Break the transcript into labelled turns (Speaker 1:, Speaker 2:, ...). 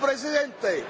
Speaker 1: Presidente.